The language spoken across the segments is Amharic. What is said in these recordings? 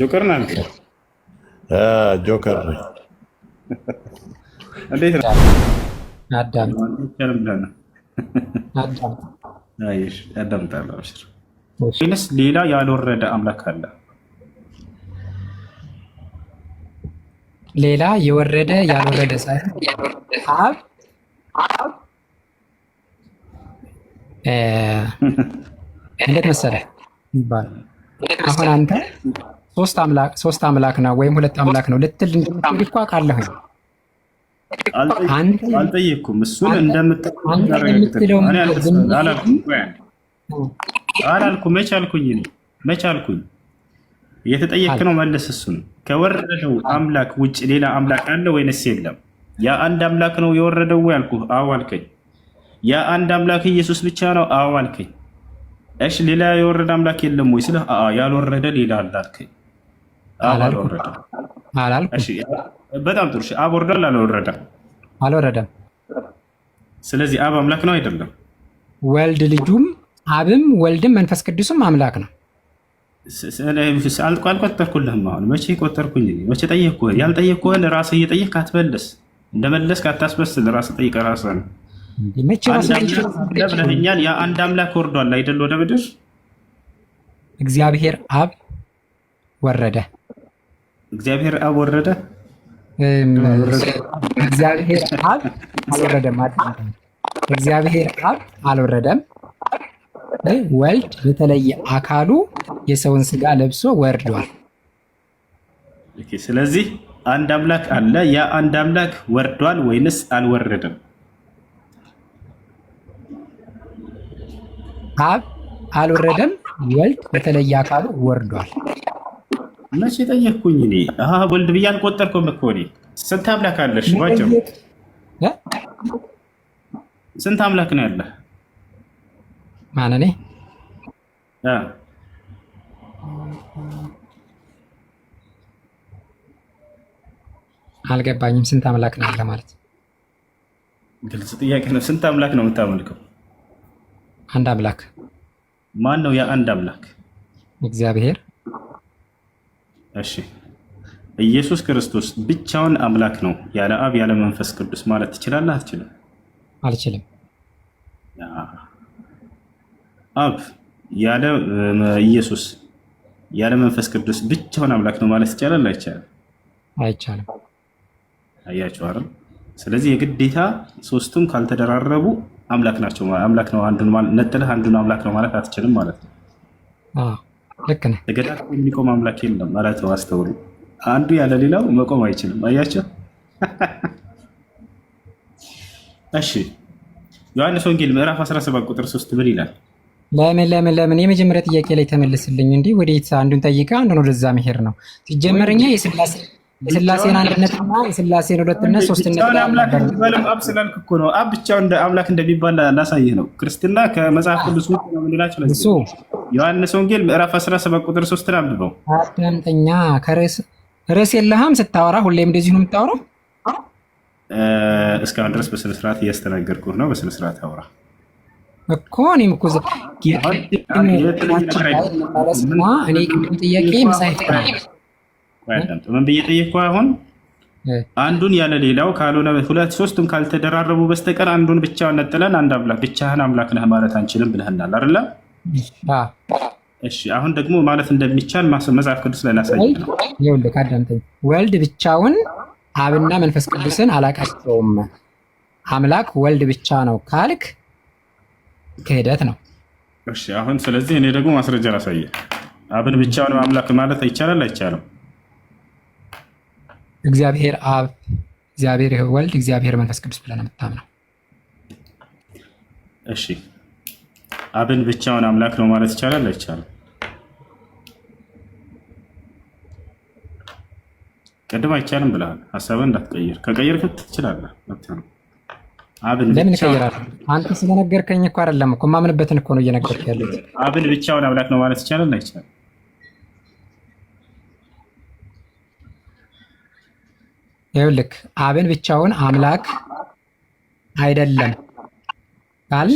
ጆከር ና ጆከር እንዴት ነው? አዳምጣለሁ። ሌላ ያልወረደ አምላክ አለ? ሌላ የወረደ ያልወረደ ሳይሆን አብ እንዴት መሰለህ ይባላል። አሁን አንተ ሶስት አምላክ ነው ወይም ሁለት አምላክ ነው ልትል እንዲኳ ቃለሁ አልጠየኩም። እሱን እንደምትለውአላልኩ መች አልኩኝ? መች አልኩኝ? ነው መለስ እሱን ከወረደው አምላክ ውጭ ሌላ አምላክ አለ ወይንስ የለም? ያ አንድ አምላክ ነው የወረደው ወይ አልኩህ። አዎ አልከኝ። የአንድ አምላክ ኢየሱስ ብቻ ነው? አዎ አልከኝ። እሺ ሌላ የወረደ አምላክ የለም ወይ ስለ ያልወረደ ሌላ አለ በጣም ጥሩ። አብ ወርዷል? አልወረደም? አልወረደም። ስለዚህ አብ አምላክ ነው አይደለም? ወልድ ልጁም አብም ወልድም መንፈስ ቅዱስም አምላክ ነው። አልቆጠርኩልህም። አሁን መቼ ቆጠርኩኝ? መቼ ጠየቅኩህ? ያልጠየቅኩህን ራስህ እየጠየቅህ አትመለስ። እንደመለስክ አታስመስል። ራስህ ጠይቀህ ራስህ ነው ብለኸኛል። የአንድ አምላክ ወርዷል አይደል? ወደ ምድር እግዚአብሔር አብ ወረደ። እግዚአብሔር አብ ወረደ። እግዚአብሔር አብ አልወረደም። እግዚአብሔር አብ አልወረደም። ወልድ በተለየ አካሉ የሰውን ስጋ ለብሶ ወርዷል። ስለዚህ አንድ አምላክ አለ። ያ አንድ አምላክ ወርዷል ወይንስ አልወረደም? አብ አልወረደም፣ ወልድ በተለየ አካሉ ወርዷል። መቼ ጠየቅኩኝ እኔ? ወልድ ብዬ አልቆጠርኩም እኮ እኔ። ስንት አምላክ አለሽ? ባጭሩ ስንት አምላክ ነው ያለ? ማን እኔ? አልገባኝም። ስንት አምላክ ነው ያለ ማለት? ግልጽ ጥያቄ ነው። ስንት አምላክ ነው የምታመልከው? አንድ አምላክ ማን ነው? ያ አንድ አምላክ እግዚአብሔር። እሺ ኢየሱስ ክርስቶስ ብቻውን አምላክ ነው ያለ አብ ያለ መንፈስ ቅዱስ ማለት ትችላለህ? አትችልም? አልችልም። አብ ያለ ኢየሱስ ያለ መንፈስ ቅዱስ ብቻውን አምላክ ነው ማለት ይቻላል? አይቻልም? አይቻልም። አያችሁ አይደል? ስለዚህ የግዴታ ሶስቱም ካልተደራረቡ አምላክ ናቸው አምላክ ነው አንዱን ነጥለህ አንዱን አምላክ ነው ማለት አትችልም ማለት ነው። ልክ ነህ። ተገዳድሎ የሚቆም አምላክ የለም ማለት ነው። አስተውሉ። አንዱ ያለ ሌላው መቆም አይችልም። አያቸው። እሺ ዮሐንስ ወንጌል ምዕራፍ 17 ቁጥር 3 ምን ይላል? ለምን ለምን ለምን የመጀመሪያ ጥያቄ ላይ ተመልስልኝ። እንዲህ ወዴት አንዱን ጠይቀ አንዱን ወደዛ መሄድ ነው ሲጀመረኛ የስላሴ የስላሴን አንድነትና የስላሴን ሁለትነት ሶስትነት አምላክ አብ ስላልክ እኮ ነው። አብ ብቻው እንደ አምላክ እንደሚባል ላሳይህ ነው። ክርስትና ከመጽሐፍ ቅዱስ ውጭ ነው የምንላቸው ለእሱ ዮሐንስ ወንጌል ምዕራፍ 17 ቁጥር 3 አንብበው። አዳምጠኛ ርዕስ የለህም ስታወራ፣ ሁሌም እንደዚህ ነው የምታወራው። እስካሁን ድረስ በስነስርዓት እያስተናገርኩ ነው። በስነስርዓት አውራ እኮ እኔም እኮ እኔ ቅድም ጥያቄ መሳይት ያዳምጥ። ምን ብዬ ጠየቅኩ? አሁን አንዱን ያለ ሌላው ካልሆነ ሁለት ሶስቱን ካልተደራረቡ በስተቀር አንዱን ብቻ ነጥለን አንድ አምላክ ብቻህን አምላክ ነህ ማለት አንችልም ብለህናል አይደለ? እሺ አሁን ደግሞ ማለት እንደሚቻል መጽሐፍ ቅዱስ ላይ ላሳይ ነው። ይኸውልህ ካዳምጠኝ፣ ወልድ ብቻውን አብና መንፈስ ቅዱስን አላቃቸውም አምላክ ወልድ ብቻ ነው ካልክ ክህደት ነው። እሺ አሁን ስለዚህ እኔ ደግሞ ማስረጃ ላሳየ። አብን ብቻውን አምላክ ማለት ይቻላል አይቻልም? እግዚአብሔር አብ፣ እግዚአብሔር ወልድ፣ እግዚአብሔር መንፈስ ቅዱስ ብለን የምታምነው? እሺ አብን ብቻውን አምላክ ነው ማለት ይቻላል አይቻልም? ቅድም አይቻልም ብለሃል። ሀሳብህን እንዳትቀይር፣ ከቀየርክ ትችላለህ። አብን ለምን እቀይራለሁ? አንተ ስለነገርከኝ እኮ አይደለም እኮ የማምንበትን እኮ ነው እየነገርኩህ ያለሁት። አብን ብቻውን አምላክ ነው ማለት ይቻላል አይቻልም? ይኸውልህ አብን ብቻውን አምላክ አይደለም ካል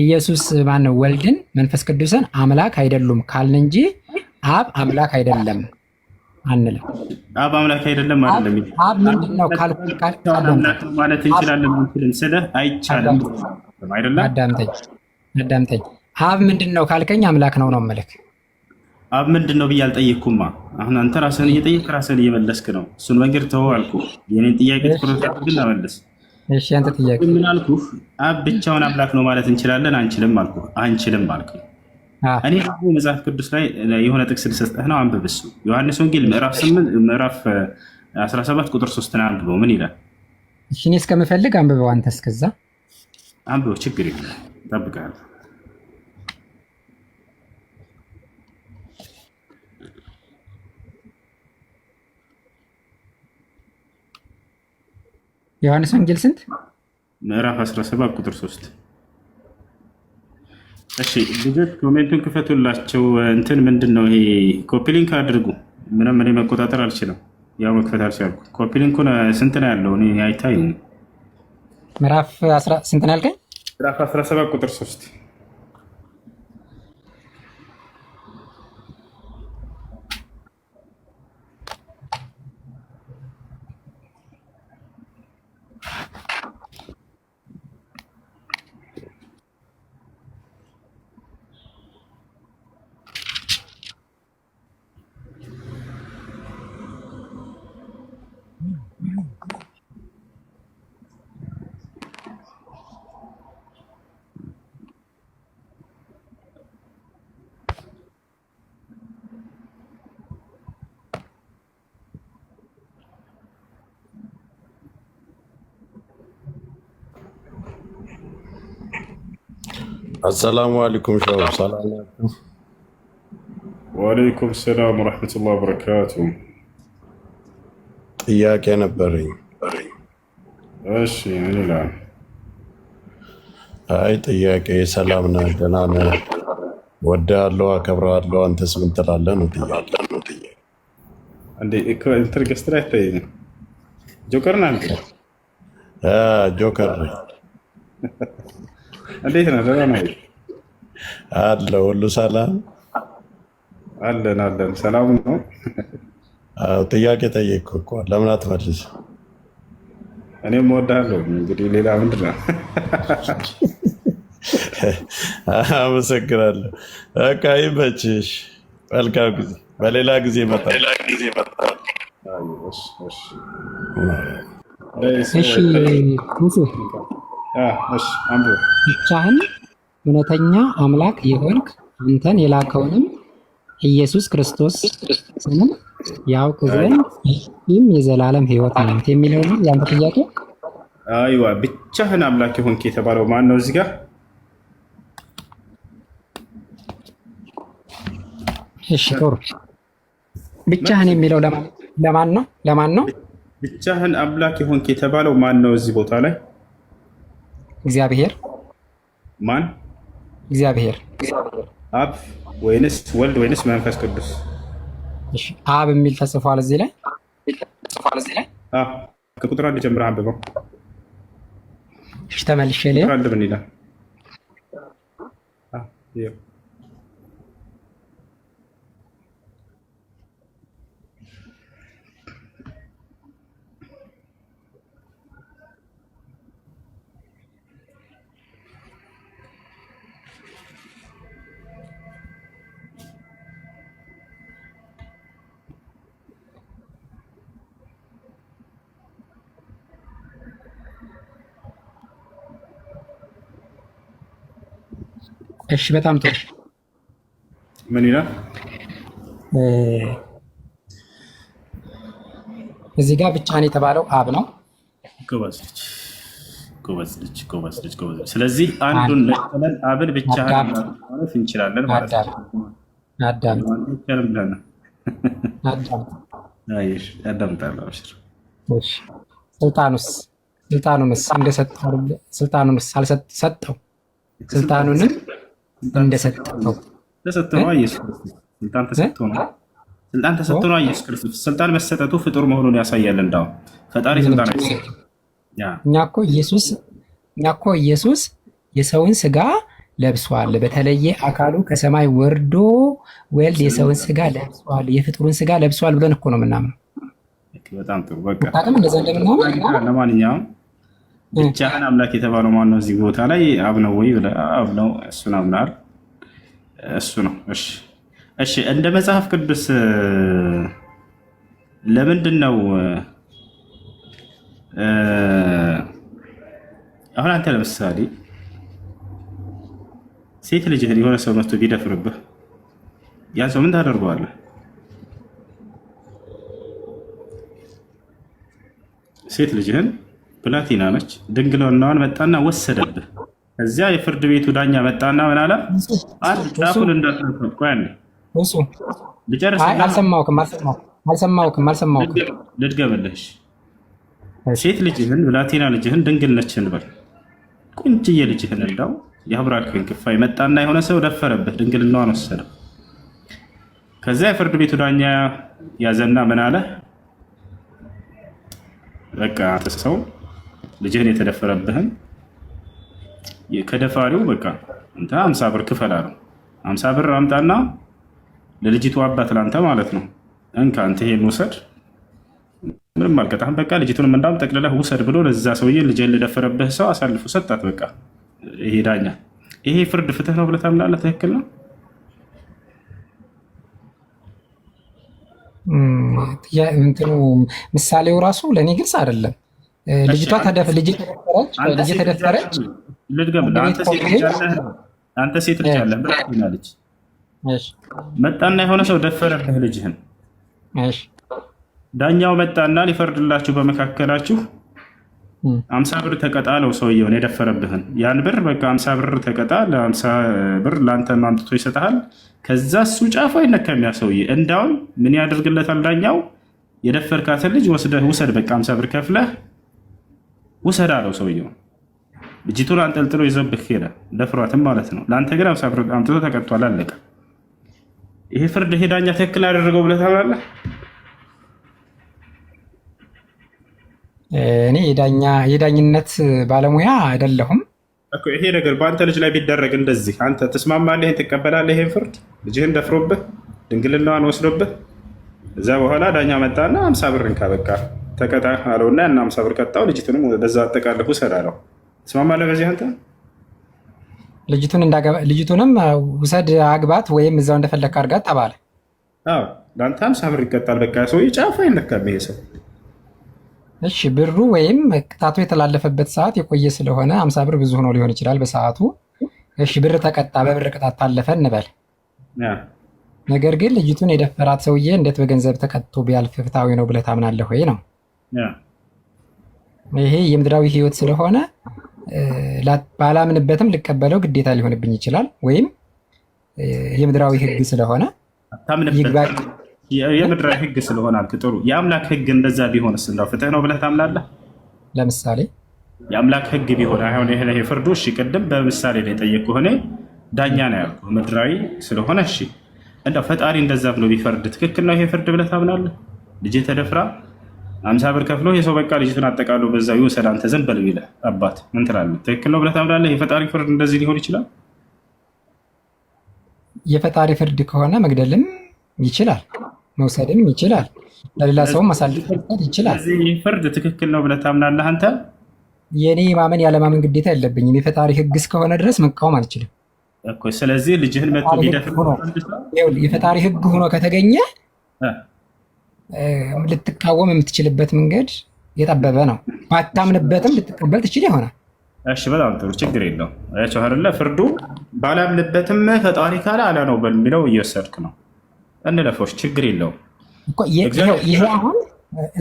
ኢየሱስ ማን ወልድን መንፈስ ቅዱስን አምላክ አይደሉም ካልን እንጂ አብ አምላክ አይደለም አንልም። አብ አምላክ አይደለም አይደለም። አብ ምንድን ነው ካል ማለት እንችላለን። ምንችልን ስለ አይቻልም አይደለም። አዳምጠኝ አዳምጠኝ። አብ ምንድን ነው ካልከኝ አምላክ ነው ነው መልክ አብ ምንድን ነው ብዬ አልጠየቅኩማ። አሁን አንተ ራስህን እየጠየቅ ራስህን እየመለስክ ነው። እሱን መንገድ ተወው አልኩ። የኔን ጥያቄ ትኩረት አድርግና መለስ። ምን አልኩ? አብ ብቻውን አምላክ ነው ማለት እንችላለን አንችልም? አልኩ አንችልም አልክ። እኔ መጽሐፍ ቅዱስ ላይ የሆነ ጥቅስ ልሰጠህ ነው፣ አንብብ። እሱ ዮሐንስ ወንጌል ምዕራፍ ምዕራፍ 17 ቁጥር 3 ነው። አንብበው። ምን ይላል? እሺ እኔ እስከምፈልግ አንብበው። አንተ እስከዛ አንብበው። ችግር የለም፣ እጠብቅሃለሁ ዮሐንስ ወንጌል ስንት ምዕራፍ 17 ቁጥር 3 እሺ ልጆች ኮሜንቱን ክፈቱላቸው እንትን ምንድን ነው ይሄ ኮፒሊንክ አድርጉ ምንም እኔ መቆጣጠር አልችልም ያው መክፈት አልቻልኩ ኮፒሊንኩን ስንት ነው ያለው እኔ አይታይም ምዕራፍ ስንት ነው ያልከኝ ምዕራፍ 17 ቁጥር 3 السلام عليكم شباب السلام عليكم وعليكم السلام ورحمة الله وبركاته إياك أنا بري بري እሺ ምን ይላል? አይ ጥያቄ ሰላም ነህ? ደህና ነህ? ወድሃለሁ፣ አከብርሃለሁ። አንተስ ምን ትላለህ ነው ጥያቄ። እንዴ እኮ እንትን ገስት ላይ አይታየኝም። ጆከር ነህ አንተ? ጆከር ነኝ እንዴት ነው? ደህና አለ ሁሉ ሰላም አለን አለን። ሰላም ነው። ጥያቄ ጠየቅኩ እኮ ለምን አትመልስ? እኔም ወዳለሁ። እንግዲህ ሌላ ምንድን ነው? አመሰግናለሁ። በቃ ይመችሽ። መልካም ጊዜ። በሌላ ጊዜ ይመጣል። እሺ ብቻህን እውነተኛ አምላክ የሆንክ አንተን የላከውንም ኢየሱስ ክርስቶስ ስንም ያውቅ ዘንድ ይህም የዘላለም ህይወት ነው የሚለው ነው ያንተ ጥያቄ። አይዋ ብቻህን አምላክ የሆንክ የተባለው ማን ነው? እዚህ ጋር እሺ፣ ጥሩ ብቻህን የሚለው ለማን ነው? ለማን ነው? ብቻህን አምላክ የሆንክ የተባለው ማን ነው? እዚህ ቦታ ላይ እግዚአብሔር ማን? እግዚአብሔር አብ ወይንስ ወልድ ወይንስ መንፈስ ቅዱስ? አብ የሚል ተጽፏል እዚህ ላይ ከቁጥር አንድ ጀምረህ አንብበው። ተመልሼ ላ እሺ፣ በጣም ጥሩ። ምን ይላል እዚህ ጋር? ብቻህን የተባለው አብ ነው። ጎበዝ ልጅ፣ ጎበዝ ልጅ፣ ጎበዝ ልጅ፣ ጎበዝ ልጅ። ስለዚህ አንዱን ነጥለን አብን ብቻህን ማለት እንችላለን ማለት ነው። እሺ፣ ስልጣኑስ ስልጣኑንስ እንደሰጠው ስልጣኑንስ አልሰጠው ስልጣኑንም እንደሰጠው ተሰጥቷ ኢየሱስ ክርስቶስ ስልጣን ተሰጥቶ ነው። ስልጣን ተሰጥቶ ነው ኢየሱስ ክርስቶስ ስልጣን መሰጠቱ ፍጡር መሆኑን ያሳያል። እንዳው ፈጣሪ ስልጣን አይሰጥ። እኛ እኮ ኢየሱስ እኛ እኮ ኢየሱስ የሰውን ስጋ ለብሷል። በተለየ አካሉ ከሰማይ ወርዶ ወልድ የሰውን ስጋ ለብሷል፣ የፍጡሩን ስጋ ለብሷል ብለን እኮ ነው የምናምነው። በጣም ጥሩ በቃ ለማንኛውም ብቻህን አምላክ የተባለው ማነው? እዚህ ቦታ ላይ አብ ነው ወይ ብለህ አብ ነው እሱን አምናል። እሱ ነው። እሺ፣ እሺ። እንደ መጽሐፍ ቅዱስ ለምንድን ነው አሁን አንተ ለምሳሌ ሴት ልጅህን የሆነ ሰው መጥቶ ቢደፍርብህ ያን ሰው ምን ታደርገዋለህ? ሴት ልጅህን ፕላቲና ነች። ድንግልናዋን መጣና ወሰደብህ። እዚያ የፍርድ ቤቱ ዳኛ መጣና ምን አለ? አንድ ጫፉን እንዳትነካ ያለ ልጨርስ። ልድገምልሽ። ሴት ልጅህን ብላቴና ልጅህን ድንግል ነች እንበል፣ ቁንጭዬ ልጅህን እንዳው የአብራክህን ክፋይ መጣና የሆነ ሰው ደፈረብህ፣ ድንግልናዋን ወሰደ። ከዚያ የፍርድ ቤቱ ዳኛ ያዘና ምን አለ? በቃ አንተ ልጅህን የተደፈረብህን ከደፋሪው በቃ እንተ አምሳ ብር ክፈል አለው። አምሳ ብር አምጣና ለልጅቱ አባት ላንተ ማለት ነው እንካ አንተ ይሄን ውሰድ፣ ምንም አልቀጣህም። በቃ ልጅቱን እንዳውም ጠቅልለህ ውሰድ ብሎ ለዛ ሰውዬ ልጅህን ልደፈረብህ ሰው አሳልፎ ሰጣት። በቃ ይሄ ዳኛ ይሄ ፍርድ ፍትህ ነው ብለህ ታምናለህ? ትክክል ነው? ምሳሌው ራሱ ለእኔ ግልጽ አይደለም። ልጅቷ ተደፈረች። አንተ ሴት ልጅ አለ ብላ ትሆናለች። መጣና የሆነ ሰው ደፈረብህ ልጅህን። ዳኛው መጣና ሊፈርድላችሁ በመካከላችሁ አምሳ ብር ተቀጣ ነው ሰውየውን የደፈረብህን። ያን ብር በቃ አምሳ ብር ተቀጣ፣ ለአምሳ ብር ለአንተ ማምጥቶ ይሰጠሃል። ከዛ እሱ ጫፉ አይነካም ያ ሰውዬ። እንዳውም ምን ያደርግለታል ዳኛው? የደፈርካትን ልጅ ወስደህ ውሰድ፣ በቃ አምሳ ብር ከፍለህ ውሰድ አለው ሰውየው። ልጅቱን አንጠልጥሎ ይዞብህ ሄደ፣ ደፍሯትም ማለት ነው። ለአንተ ግን አምሳ ብር አምጥቶ ተቀጥቷል፣ አለቀ። ይሄ ፍርድ ይሄ ዳኛ ትክክል አደረገው ብለህ ታምናለህ? እኔ የዳኝነት ባለሙያ አይደለሁም። ይሄ ነገር በአንተ ልጅ ላይ ቢደረግ እንደዚህ አንተ ትስማማለህ? ትቀበላለህ? ይሄን ፍርድ ልጅህን ደፍሮብህ ድንግልናዋን ወስዶብህ እዛ በኋላ ዳኛ መጣና አምሳ ብርን ካበቃ ተቀጣ አለው እና አምሳ ብር ቀጣው። ልጅቱንም በዛ አጠቃለፉ ውሰድ አለው። ትስማማለህ በዚህ አንተ? ልጅቱንም ውሰድ አግባት፣ ወይም እዛው እንደፈለግ አድርጋት ተባለ። ለአንተ አምሳ ብር ይቀጣል። በቃ ሰው ጫፉ አይነካም ይሄ ሰው። እሺ ብሩ ወይም ቅጣቱ የተላለፈበት ሰዓት የቆየ ስለሆነ አምሳ ብር ብዙ ሆኖ ሊሆን ይችላል በሰዓቱ። እሺ ብር ተቀጣ፣ በብር ቅጣት ታለፈ እንበል። ነገር ግን ልጅቱን የደፈራት ሰውዬ እንዴት በገንዘብ ተቀጥቶ ቢያልፍ ፍትሃዊ ነው ብለህ ታምናለህ ወይ ነው ይሄ የምድራዊ ህይወት ስለሆነ ባላምንበትም ልቀበለው ግዴታ ሊሆንብኝ ይችላል። ወይም የምድራዊ ህግ ስለሆነ የምድራዊ ህግ ስለሆነ አልክ። ጥሩ የአምላክ ህግ እንደዛ ቢሆን ስለው ፍትህ ነው ብለህ ታምናለህ? ለምሳሌ የአምላክ ህግ ቢሆን አሁን ይሄ ፍርዱ እሺ፣ ቅድም በምሳሌ ላይ ጠየቅኩህ። እኔ ዳኛ ነው ያልኩ ምድራዊ ስለሆነ እሺ፣ እንደው ፈጣሪ እንደዛ ብሎ ቢፈርድ ትክክል ነው ይሄ ፍርድ ብለህ ታምናለህ? ልጅ ተደፍራ አምሳ ብር ከፍሎ የሰው በቃ ልጅቱን አጠቃሎ በዛ ይወሰድ አንተ ዘንድ በልብ ይለህ አባት ምን ትላለህ? ትክክል ነው ብለህ ታምናለህ? የፈጣሪ ፍርድ እንደዚህ ሊሆን ይችላል። የፈጣሪ ፍርድ ከሆነ መግደልም ይችላል፣ መውሰድም ይችላል፣ ለሌላ ሰውም ማሳልፍ ይችላል። እዚህ ፍርድ ትክክል ነው ብለህ ታምናለህ አንተ? የእኔ የማመን ያለማመን ግዴታ የለብኝም። የፈጣሪ ሕግ እስከሆነ ድረስ መቃወም አልችልም። ስለዚህ ልጅህን መቶ ሊደፍር የፈጣሪ ህግ ሆኖ ከተገኘ ልትቃወም የምትችልበት መንገድ የጠበበ ነው። ባታምንበትም ልትቀበል ትችል ይሆናል። እሺ፣ በጣም ጥሩ ችግር የለው። ያቸው አይደለ ፍርዱ ባላምንበትም ፈጣሪ ካለ አለ ነው በሚለው እየወሰድክ ነው። እንለፎች ችግር የለው። ይሄ አሁን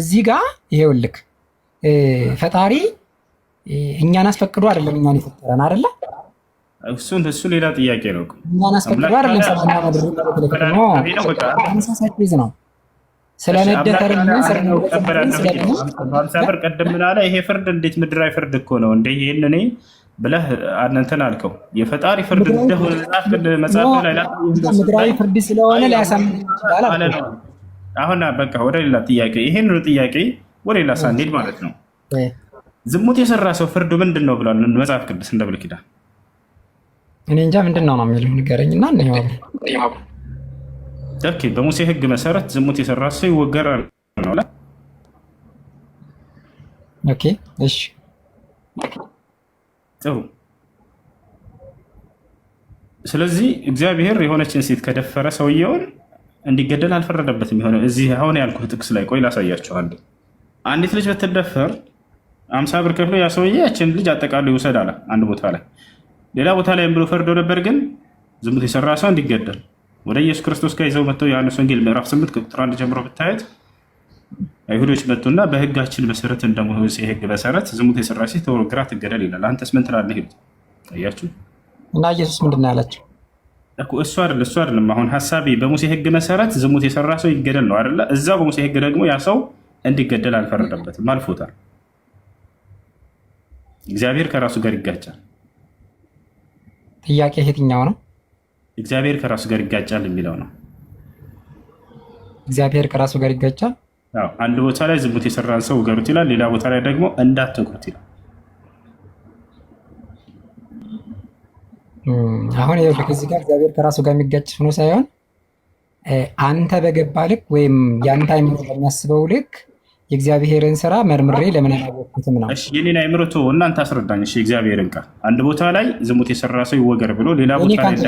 እዚህ ጋር ይሄውልክ ፈጣሪ እኛን አስፈቅዶ አይደለም እኛን የፈጠረን አይደለ? እሱን እሱ ሌላ ጥያቄ ነው። እኛን አስፈቅዶ አይደለም ሰማ ማድረግ ነው። ነው ስለመደፈርናስለነውቀበላለሁ ቅድም ምን አለ? ይሄ ፍርድ እንዴት ምድራዊ ፍርድ እኮ ነው እንደ ይህን እኔ ብለህ እንትን አልከው የፈጣሪ ፍርድ እንደሆነ ምድራዊ ፍርድ ስለሆነ ሊያሳምን አሁን በቃ ወደ ሌላ ጥያቄ ይሄን ጥያቄ ወደ ሌላ ሳንሄድ ማለት ነው ዝሙት የሰራ ሰው ፍርዱ ምንድን ነው ብሏል መጽሐፍ ቅዱስ እንደ ብሉይ ኪዳን። እኔ እንጃ ምንድን ነው ነው የሚለው ንገረኝ እና በሙሴ ህግ መሰረት ዝሙት የሰራ ሰው ይወገራል ነው። ኦኬ እሺ፣ ጥሩ። ስለዚህ እግዚአብሔር የሆነችን ሴት ከደፈረ ሰውየውን እንዲገደል አልፈረደበትም። የሆነ እዚህ አሁን ያልኩህ ጥቅስ ላይ ቆይ ላሳያችኋል። አንዲት ልጅ ብትደፈር አምሳ ብር ከፍሎ ያ ሰውዬ ያችን ልጅ አጠቃሉ ይውሰድ አለ አንድ ቦታ ላይ። ሌላ ቦታ ላይ ብሎ ፈርዶ ነበር፣ ግን ዝሙት የሰራ ሰው እንዲገደል ወደ ኢየሱስ ክርስቶስ ጋር ይዘው መጥተው ዮሐንስ ወንጌል ምዕራፍ 8 ቁጥር 1 ጀምሮ ብታዩት አይሁዶች መጡና በህጋችን መሰረት እንደመሆን ሕግ መሰረት ዝሙት የሰራ ሴት ተወግራ ትገደል ይላል። አንተስ ምን ትላለህ? ይሉት አያችሁ። እና ኢየሱስ ምንድን ያላቸው እኮ እሱ አይደል እሱ አይደለም። አሁን ሀሳቤ በሙሴ ህግ መሰረት ዝሙት የሰራ ሰው ይገደል ነው አይደለ? እዛ በሙሴ ህግ ደግሞ ያ ሰው እንዲገደል አልፈረደበትም፣ አልፎታል። እግዚአብሔር ከራሱ ጋር ይጋጫል። ጥያቄ የትኛው ነው? እግዚአብሔር ከራሱ ጋር ይጋጫል የሚለው ነው። እግዚአብሔር ከራሱ ጋር ይጋጫል። አንድ ቦታ ላይ ዝሙት የሰራን ሰው ውገሩት ይላል፣ ሌላ ቦታ ላይ ደግሞ እንዳትወግሩት ይላል። አሁን ከዚህ ጋር እግዚአብሔር ከራሱ ጋር የሚጋጭ ሆኖ ሳይሆን አንተ በገባ ልክ ወይም የአንተ ሃይማኖት በሚያስበው ልክ የእግዚአብሔርን ስራ መርምሬ ለምን አላወቅኩትም ነው። የኔን አይምሮ ተወው፣ እናንተ አስረዳኝ። እሺ የእግዚአብሔርን ቃል አንድ ቦታ ላይ ዝሙት የሰራ ሰው ይወገር ብሎ ሌላ ቦታ እኔ ከአንተ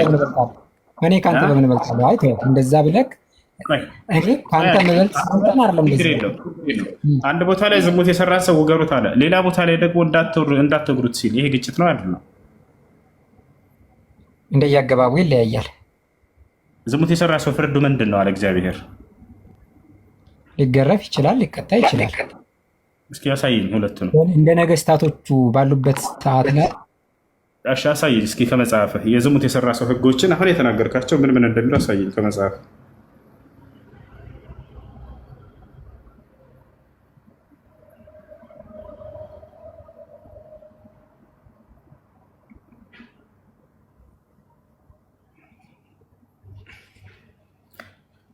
በምን እበልጣለሁ? አይ ተው፣ እንደዛ ብለህ እኔ ከአንተ የምበልጥ አንድ ቦታ ላይ ዝሙት የሰራ ሰው ውገሩት አለ፣ ሌላ ቦታ ላይ ደግሞ እንዳትወግሩት ሲል ይሄ ግጭት ነው አይደል? ነው እንደየአገባቡ ይለያያል። ዝሙት የሰራ ሰው ፍርዱ ምንድን ነው አለ እግዚአብሔር ሊገረፍ ይችላል፣ ሊቀጣ ይችላል። እስኪ ያሳይን። ሁለቱ ነው እንደ ነገስታቶቹ ባሉበት ሰዓት ላይ እሺ፣ እስኪ ከመጽሐፍ የዝሙት የሰራ ሰው ህጎችን አሁን የተናገርካቸው ምን ምን እንደሚሉ አሳይን ከመጽሐፍ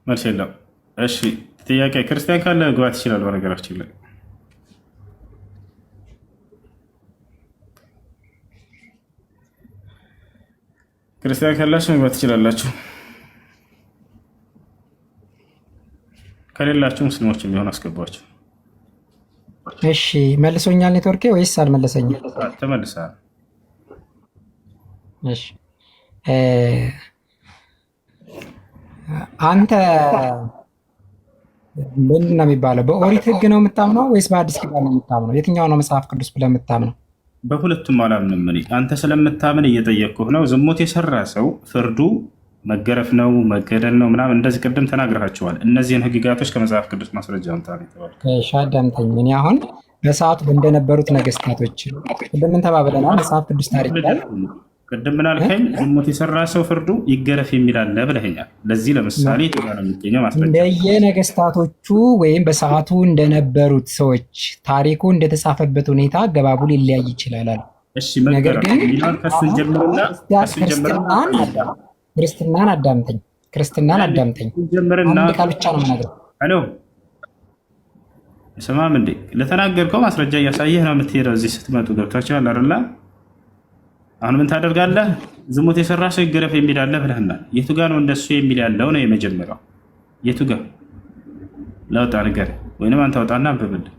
መልስ የለም። እሺ ጥያቄ ክርስቲያን ካለ መግባት ይችላል። በነገራችን ላይ ክርስቲያን ካላችሁ መግባት ትችላላችሁ። ከሌላችሁ ሙስሊሞች የሚሆን አስገባችሁ። እሺ መልሶኛል ኔትወርኬ ወይስ አልመለሰኝም? ተመልሰሃል። አንተ ምንድን ነው የሚባለው? በኦሪት ህግ ነው የምታምነው ወይስ በአዲስ ኪዳን ነው የምታምነው? የትኛው ነው መጽሐፍ ቅዱስ ብለህ የምታምነው? በሁለቱም አላምንም። እኔ አንተ ስለምታምን እየጠየቅኩህ ነው። ዝሙት የሰራ ሰው ፍርዱ መገረፍ ነው፣ መገደል ነው ምናምን። እንደዚህ ቅድም ተናግረሃቸዋል። እነዚህን ህግጋቶች ከመጽሐፍ ቅዱስ ማስረጃ ምታ ሻዳምተኝ እኔ አሁን በሰዓቱ እንደነበሩት ነገስታቶች ቅድምን ተባብለናል? መጽሐፍ ቅዱስ ታሪክ ቅድም ምን አልከኝ? ዝሙት የሰራ ሰው ፍርዱ ይገረፍ የሚላለ ብለኛል። ለዚህ ለምሳሌ ኢትዮጵያ ነው የሚገኘው ማስረጃ። እንደየነገስታቶቹ ወይም በሰዓቱ እንደነበሩት ሰዎች ታሪኩ እንደተጻፈበት ሁኔታ አገባቡ ሊለያይ ይችላል። እሺ ነገር ግን ከሱን ክርስትናን አዳምጠኝ፣ ክርስትናን አዳምጠኝ። ጀምርና ቃል ብቻ ነው ነገር ሄሎ ስማም እንዴ፣ ለተናገርከው ማስረጃ እያሳየህ ነው የምትሄደው። እዚህ ስትመጡ ገብታችኋል አይደል? አሁን ምን ታደርጋለህ? ዝሙት የሰራ ሰው ይገረፍ የሚል አለ ብለህና የቱ ጋ ነው እንደሱ የሚል ያለው ነው የመጀመሪያው። የቱ ጋ ለውጣ ነገር ወይንም አንተ ወጣና አንብብልህ።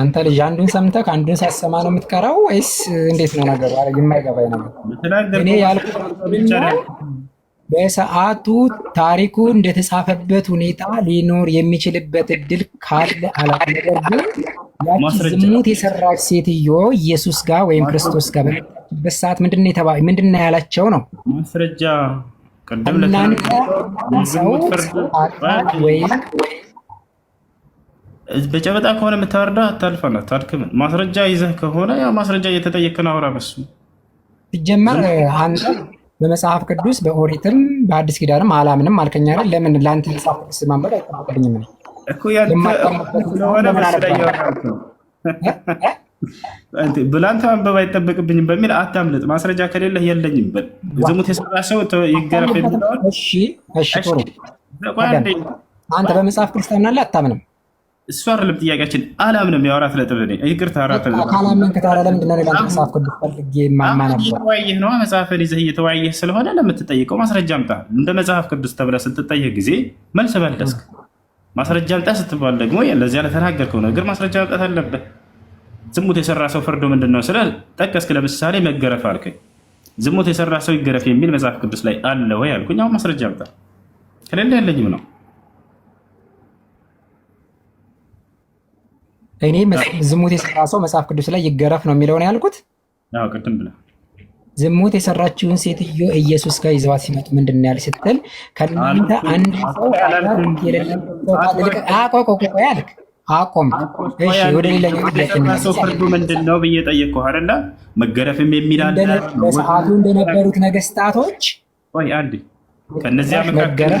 አንተ ልጅ አንዱን ሰምተህ አንዱን ሳሰማ ነው የምትቀራው ወይስ እንዴት ነው ነገሩ? የማይገባኝ ነገር እኔ ያልኩት በሰዓቱ ታሪኩ እንደተጻፈበት ሁኔታ ሊኖር የሚችልበት እድል ካለ አላ ነገር ግን ያቺ ዝሙት የሰራች ሴትዮ ኢየሱስ ጋር ወይም ክርስቶስ ጋር በመጣችበት ሰዓት ምንድን ምንድን ያላቸው? ነው ማስረጃ ቅድም ለተናገሩ ወይም በጨበጣ ከሆነ የምታወርዳ አታልፋና ታድክም። ማስረጃ ይዘህ ከሆነ ያው ማስረጃ እየተጠየቅን አውራ። በሱ ሲጀመር አንተ በመጽሐፍ ቅዱስ በኦሪትም በአዲስ ኪዳንም አላምንም አልከኛ። ለምን ለአንተ መጽሐፍ ቅዱስ ማንበብ አይጠበቅብኝም ነው እኮ ብላንተ ማንበብ አይጠበቅብኝም በሚል አታምልጥ። ማስረጃ ከሌለህ የለኝም በል። ዝሙት የሰራ ሰው ይገረፍ አንተ በመጽሐፍ ክርስቲያን አለ አታምንም። እሱ አይደለም ጥያቄያችን። አላምንም። ያው አራት ነጥብ ነኝ። ይቅርታ አራት ነጥብ ካላምን ከታለ ለምንድን ነው መጽሐፍ ቅዱስ ፈልጌ ማማ ነበር። እየተወያየህ ነዋ። መጽሐፍን ይዘህ እየተወያየህ ስለሆነ ለምትጠይቀው ማስረጃ አምጣ። እንደ መጽሐፍ ቅዱስ ተብለህ ስትጠይቅ ጊዜ መልስ መለስክ። ማስረጃ አምጣ ስትባል ደግሞ ለዚያ ለተናገርከው ነገር ማስረጃ መምጣት አለብህ። ዝሙት የሰራ ሰው ፍርዱ ምንድን ነው ስለ ጠቀስክ፣ ለምሳሌ መገረፍ አልከኝ። ዝሙት የሰራ ሰው ይገረፍ የሚል መጽሐፍ ቅዱስ ላይ አለ ወይ አልኩኝ። አሁን ማስረጃ አምጣ። ከሌለ ያለኝም ነው። እኔ ዝሙት የሰራ ሰው መጽሐፍ ቅዱስ ላይ ይገረፍ ነው የሚለውን ያልኩት ቅድም ብለህ ዝሙት የሰራችውን ሴትዮ ኢየሱስ ጋር ይዘዋት ሲመጡ ምንድን ያል ስትል ከእናንተ አንድ ሰው ያልክ አቆም። ወደ ሌላኛው ፍርዱ ምንድን ነው ብዬ ጠየቅኩህ አይደለ? መገረፍም የሚላል በሰዓቱ እንደነበሩት ነገስታቶች ወይ አንድ ከነዚያ መካከል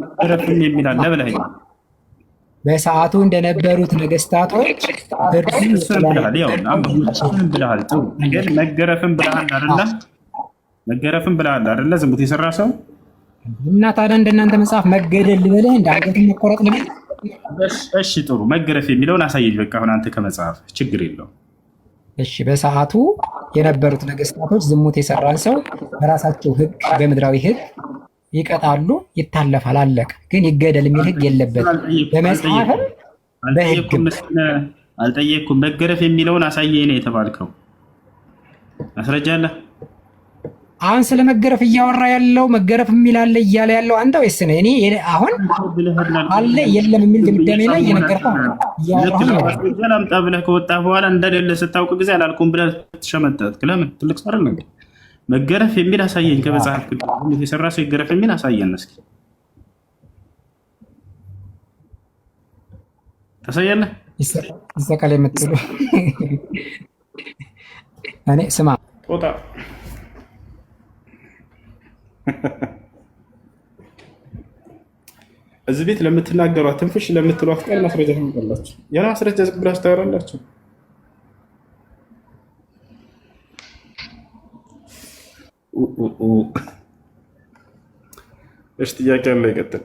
መገረፍም የሚላለ ብለህ በሰዓቱ እንደነበሩት ነገስታቶች መገረፍን ብልሃል አይደለ? መገረፍን ብልሃል አይደለ? ዝሙት የሰራ ሰው እና ታዲያ እንደናንተ መጽሐፍ መገደል ልበልህ? እንደ አንገት መቆረጥ ልበልህ? እሺ ጥሩ መገረፍ የሚለውን አሳየኝ። በቃ አሁን አንተ ከመጽሐፍ ችግር የለው። እሺ በሰዓቱ የነበሩት ነገስታቶች ዝሙት የሰራን ሰው በራሳቸው ህግ፣ በምድራዊ ህግ ይቀጣሉ፣ ይታለፋል፣ አለቀ። ግን ይገደል የሚል ህግ የለበትም በመጽሐፍም በህግም። አልጠየቅኩም። መገረፍ የሚለውን አሳየ ነው የተባልከው። አስረጃለ አሁን ስለ መገረፍ እያወራ ያለው መገረፍ የሚል አለ እያለ ያለው አንተ ወይስ ነ እኔ አሁን አለ የለም የሚል ድምዳሜ ላይ እየነገርከው አምጣ ብለህ ከወጣ በኋላ እንደሌለ ስታውቅ ጊዜ አላልኩም ብለህ ትሸመጠጥክ። ለምን ትልቅ ሰር ነገር መገረፍ የሚል አሳየኝ። ከመጽሐፍ ቅዱስ የሰራ ሰው ይገረፍ የሚል አሳየን እስኪ። ታሳያለህ? ይሰቀል የምትሉ እኔ ስማ ጦጣ እዚህ ቤት ለምትናገሯት ትንፍሽ ለምትሏት ቀን ማስረጃ ታመጣላችሁ። ያለ ማስረጃ ዝም ብላችሁ ታወራላችሁ። እሺ ጥያቄ አለ፣ ይቀጥል።